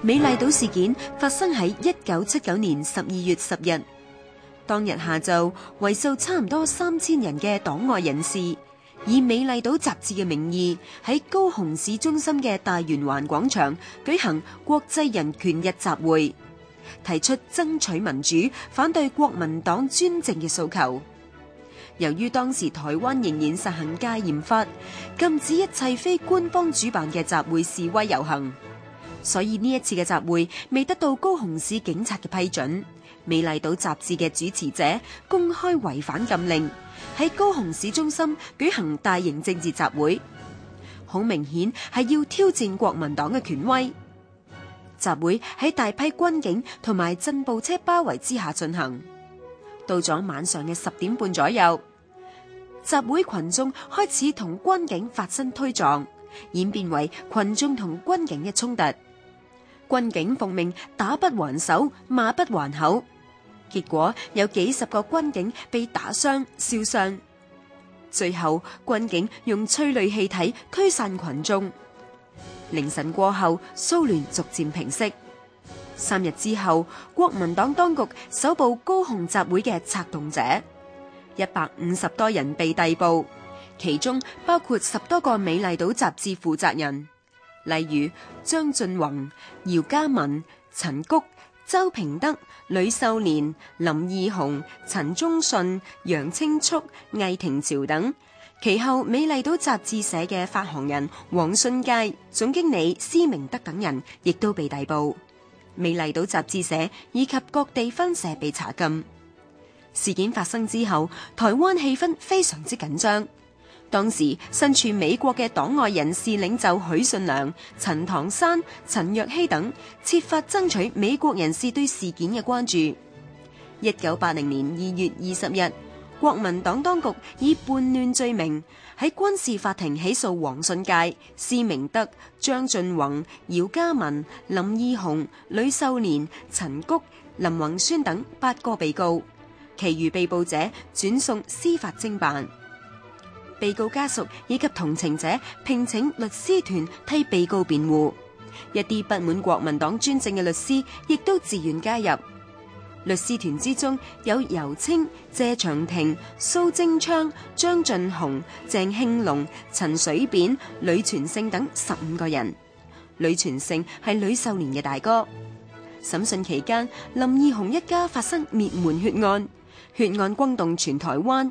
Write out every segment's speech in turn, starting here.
美麗島事件發生喺一九七九年十二月十日，當日下晝，為數差唔多三千人嘅黨外人士，以美麗島雜誌嘅名義喺高雄市中心嘅大圓環廣場舉行國際人權日集會，提出爭取民主、反對國民黨專政嘅訴求。由於當時台灣仍然實行戒嚴法，禁止一切非官方主辦嘅集會、示威、遊行。所以呢一次嘅集會未得到高雄市警察嘅批准，美麗島雜誌嘅主持者公開違反禁令，喺高雄市中心舉行大型政治集會，好明顯係要挑戰國民黨嘅權威。集會喺大批軍警同埋鎮暴車包圍之下進行，到咗晚上嘅十點半左右，集會群眾開始同軍警發生推撞，演變為群眾同軍警嘅衝突。軍警奉命打不還手，罵不還口，結果有幾十個軍警被打傷、燒傷。最後，軍警用催淚氣體驅散群眾。凌晨過後，騷亂逐漸平息。三日之後，國民黨當局搜捕高雄集會嘅策動者，一百五十多人被逮捕，其中包括十多個美麗島雜誌負責人。例如張俊宏、姚嘉文、陳菊、周平德、呂秀蓮、林義雄、陳忠信、楊青矗、魏廷朝等，其後美麗島雜誌社嘅發行人黃信介、總經理施明德等人，亦都被逮捕。美麗島雜誌社以及各地分社被查禁。事件發生之後，台灣氣氛非常之緊張。當時身處美國嘅黨外人士領袖許信良、陳唐山、陳若曦等，設法爭取美國人士對事件嘅關注。一九八零年二月二十日，國民黨當局以叛亂罪名喺軍事法庭起訴黃信介、施明德、張俊宏、姚嘉文、林義雄、呂秀蓮、陳菊、林宏宣等八個被告，其餘被捕者轉送司法偵辦。被告家屬以及同情者聘請律師團替被告辯護，一啲不滿國民黨專政嘅律師亦都自願加入律師團之中，有尤清、謝長廷、蘇貞昌、張俊雄、鄭慶龍、陳水扁、呂傳勝等十五個人。呂傳勝係呂秀蓮嘅大哥。審訊期間，林義雄一家發生滅門血案，血案轟動全台灣。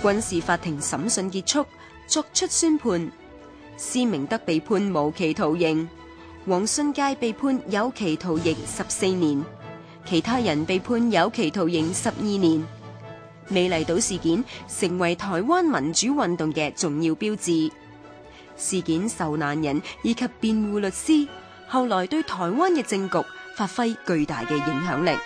軍事法庭審訊結束，作出宣判：施明德被判無期徒刑，黃信介被判有期徒刑十四年，其他人被判有期徒刑十二年。美麗島事件成為台灣民主運動嘅重要標誌。事件受難人以及辯護律師後來對台灣嘅政局發揮巨大嘅影響力。